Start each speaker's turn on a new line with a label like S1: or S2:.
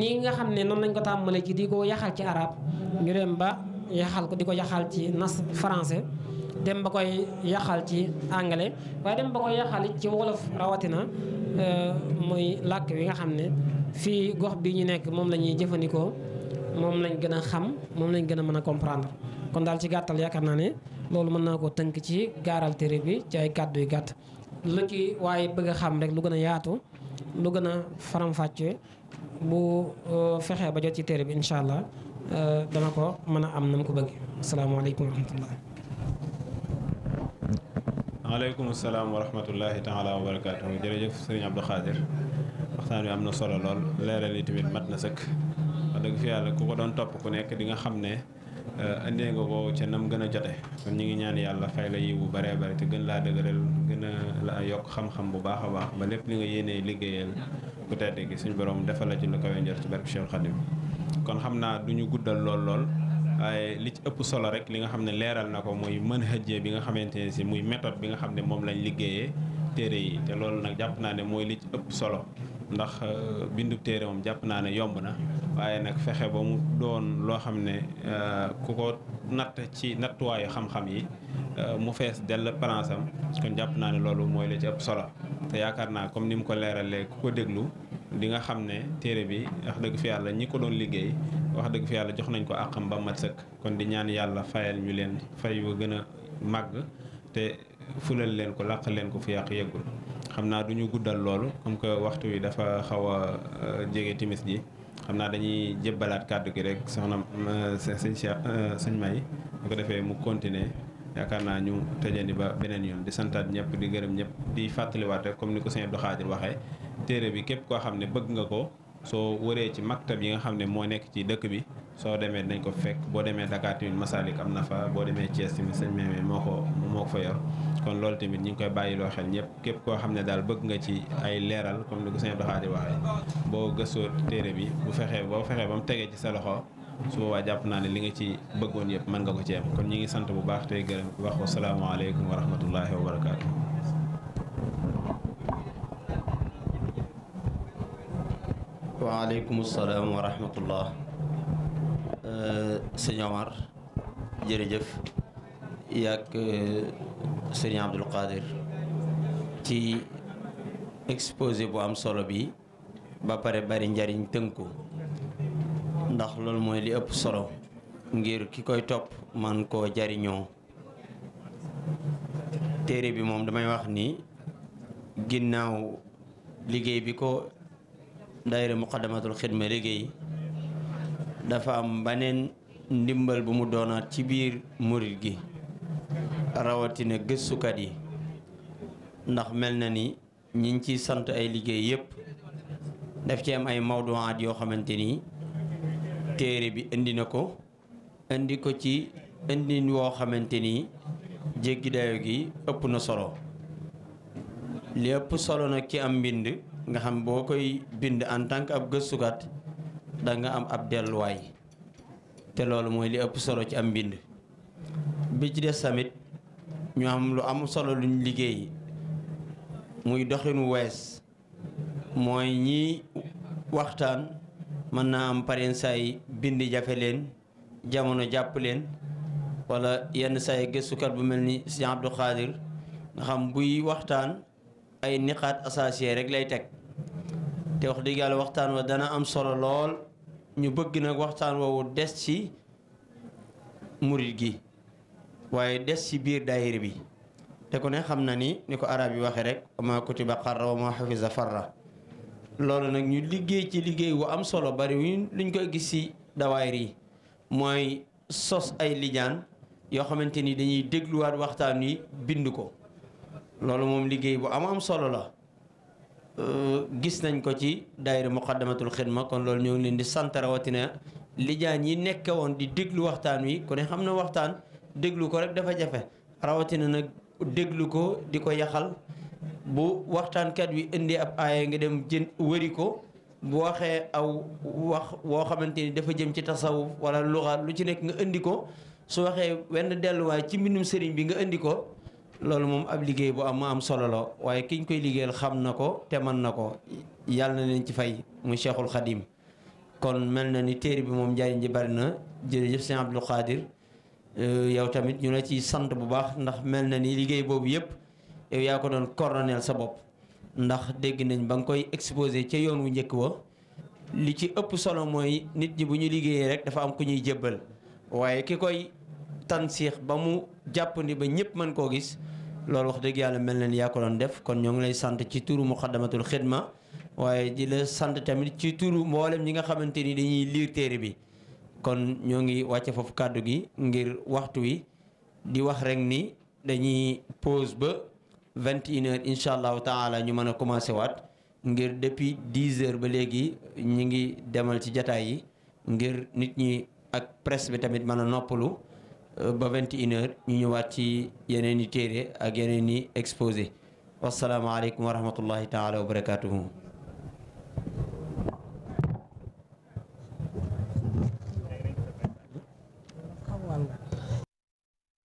S1: ñi nga xam ne noonu lañ ko tàmbalee ci di ko yaxal ci arab ñu dem ba yaxal ko di ko yaxal ci nas français dem ba koy yaxal ci anglais waaye dem ba koy yaxal ci wolof rawatina euh, muy làkk wi nga xam ne fii gox bi ñu nekk moom la ñuy jëfandikoo moom lañ gën a xam moom lañ gën a mën a comprendre kon daal ci gàttal yaakaar naa ne loolu mën naa ko tënk ci gaaral téere bi ci ay kàddu yu gàtt lu ci waaye bëgg a xam rek lu gën a yaatu lu gën a faram bu euh, fexee ba jot ci téere bi incha allah euh, dana
S2: ko mën a am na mu ko bëggee asalaamaaleykum wa rahmatullah. waaleykum salaam wa rahmatullahi taala wa barakaatu jërëjëf sëriñ Abdou waxtaan wi am na solo lool leeral yi tamit mat na sëkk wax dëgg fi yàlla ku ko doon topp ku nekk di nga xam ne euh, indee nga ko ca nam gën a jote kon ñu ngi ñaan yàlla fay la yiw bu baree bare te gën laa dëgëral gën a la yokk xam-xam bu baax a baax ba lépp li nga yéene liggéeyal ku tedd gi suñu borom defal la ci lu kawe njort ci barke Cheikh Khadim kon xam naa duñu guddal lool lool waaye li ci ëpp solo rek li nga xam ne leeral na ko muy mën hëjjee bi nga xamante ne si muy méthode bi nga xam ne moom lañ liggéeyee téere yi te loolu nag jàpp naa ne mooy li ci ëpp solo ndax euh, bindu téere moom jàpp naa ne yomb na waaye nag fexe ba mu doon loo xam ne euh, ku ko natt ci nattuwaayu xam-xam yi euh, mu fees dell palaasam kon jàpp naa ne loolu mooy li ci ëpp solo te yaakaar naa comme ni mu ko leeralee ku ko déglu di nga xam ne téere bi wax dëgg fi yàlla ñi ko doon liggéey wax dëgg fi yàlla jox nañ ko àqam ba mat sëkk kon di ñaan yàlla fayal ñu leen fay yu gën a màgg te fulal leen ko làq leen ko fi yàq yeggul xam naa du ñu guddal loolu comme que waxtu wi dafa xaw a euh, jege timis ji xam naa dañuy jëbbalaat kàddu gi rek soxna euh, sëñ Cheikh euh, sëñ May bu ko defee mu continuer yaakaar naa ñu tëjandi ba beneen yoon di santaat ñëpp di gërëm ñëpp di fàttaliwaat rek comme ni ko seen Abdou Khadir waxe téere bi képp koo xam ne bëgg nga ko soo wëree ci maktab yi nga xam ne moo nekk ci dëkk bi soo demee nañ ko fekk boo demee Dakar tamit Masalik am na fa boo demee Thiès tamit sëñ Mémé moo ko moo ko fa yor kon loolu tamit ñu ngi koy bàyyiloo xel ñëpp képp koo xam ne daal bëgg nga ci ay leeral comme ni ko sëñ Abdou Khadir waxee boo gëstoo téere bi bu fexee boo fexee ba mu tegee ci sa loxo su boobaa jàpp naa ne li nga ci bëggoon yëpp mën nga ko ci am kon ñi ngi sant bu baax tey gërëm ku baax wasalaamaaleykum wa rahmatullahi wa barakaatu.
S1: waaleykum salaam wa rahmatullah euh, sëñ Omar jërëjëf yàgg euh, sëñ Abdul Qadir ci exposé bu am solo bi ba pare bari njariñ ko ndax loolu mooy li ëpp solo ngir ki koy topp man koo jariñoo téere bi moom damay wax ni ginnaaw liggéey bi ko daayira muqaddamatul xidma liggéey dafa am beneen ndimbal bu mu doonaat ci biir murit gi rawatina gëstukat yi ndax mel na ni ñi ngi ciy sant ay liggéey yépp daf ci am ay mawduwaat yoo xamante ni téere bi indi na ko indi ko ci indi woo xamante ni jéggi dayo gi ëpp na solo li ëpp solo na ci am mbind nga xam boo koy bind en tant que ab gëstukat danga am ab delluwaay te loolu mooy li ëpp solo ci am mbind bi ci des tamit ñu am lu am solo luñ liggéey muy doxinu wees mooy ñi waxtaan mën naa am pareen saa bindi jafe leen jamono jàpp leen wala yenn say gëstukat bu mel ni Sëñ Abdou Khadir nga xam buy waxtaan ay niqaat associé rek lay teg te wax dëgg yàlla waxtaan wa dana am solo lool ñu bëgg nag waxtaan woowu des ci murit gi waaye des ci biir daayir bi te ku ne xam na ni ni ko arab yi waxe rek ma kutiba xarra wa ma xafisa farra loolu nag ñu liggéey ci liggéey wu am solo bari luñ koy gis ci dawaayir yi mooy sos ay lijaan yoo xamante ni dañuy dégluwaat waxtaan wi bind ko loolu moom liggéey bu am am solo la euh, gis nañ ko ci daayira muqaddamatul xidma kon loolu ñoo ngi leen di sant rawatina lijaan yi nekk woon di déglu waxtaan wi ku ne xam na waxtaan déglu ko rek dafa jafe rawatina nag déglu ko di ko yaxal bu waxtaankat wi indee ab aaya nga dem jën wëri ko bu waxee aw wax woo xamante ni dafa jëm ci tasawuf wala luxa lu ci nekk nga indi ko su waxee wenn delluwaay ci mbindum sëriñ bi nga indi ko loolu moom ab liggéey bu am am solo la waaye kiñ koy liggéeyal xam na ko te mën na ko yàlla na leen ci fay muy Cheikhul Khadim kon mel na ni téere bi moom njariñ nji bari na jërëjëf sëñ Abdou Khadir euh, yow tamit ñu la ci sant bu baax ndax mel na ni liggéey boobu yëpp yow yaa ko doon coordonner sa bopp ndax dégg nañ ba nga koy exposé ca yoon wu njëkk wa li ci ëpp solo mooy nit ñi bu ñuy liggéeyee rek dafa am ku ñuy jébbal waaye ki koy tansiix ba mu jàppandi ba ñëpp mën koo gis loolu wax dëgg yàlla mel na ni yaa ko doon def kon ñoo ngi lay sant ci turu muqaddamatul xidma waaye di sant tamit ci turu mboolem ñi nga xamante ni dañuy liir bi kon ñoo ngi wàcce foofu kàddu gi ngir waxtu wi di wax rek ni dañuy pause ba. vingt et une heures incha allahu taala ñu mën a commencé waat ngir depuis dix heures ba léegi ñu ngi demal ci jataay yi ngir nit ñi ak presse bi tamit mën a noppalu euh, ba vingt et une ñu ñëwaat ci yeneen i téere ak yeneen i exposé wasalaamaaleykum wa rahmatullahi taala wa barakatuhu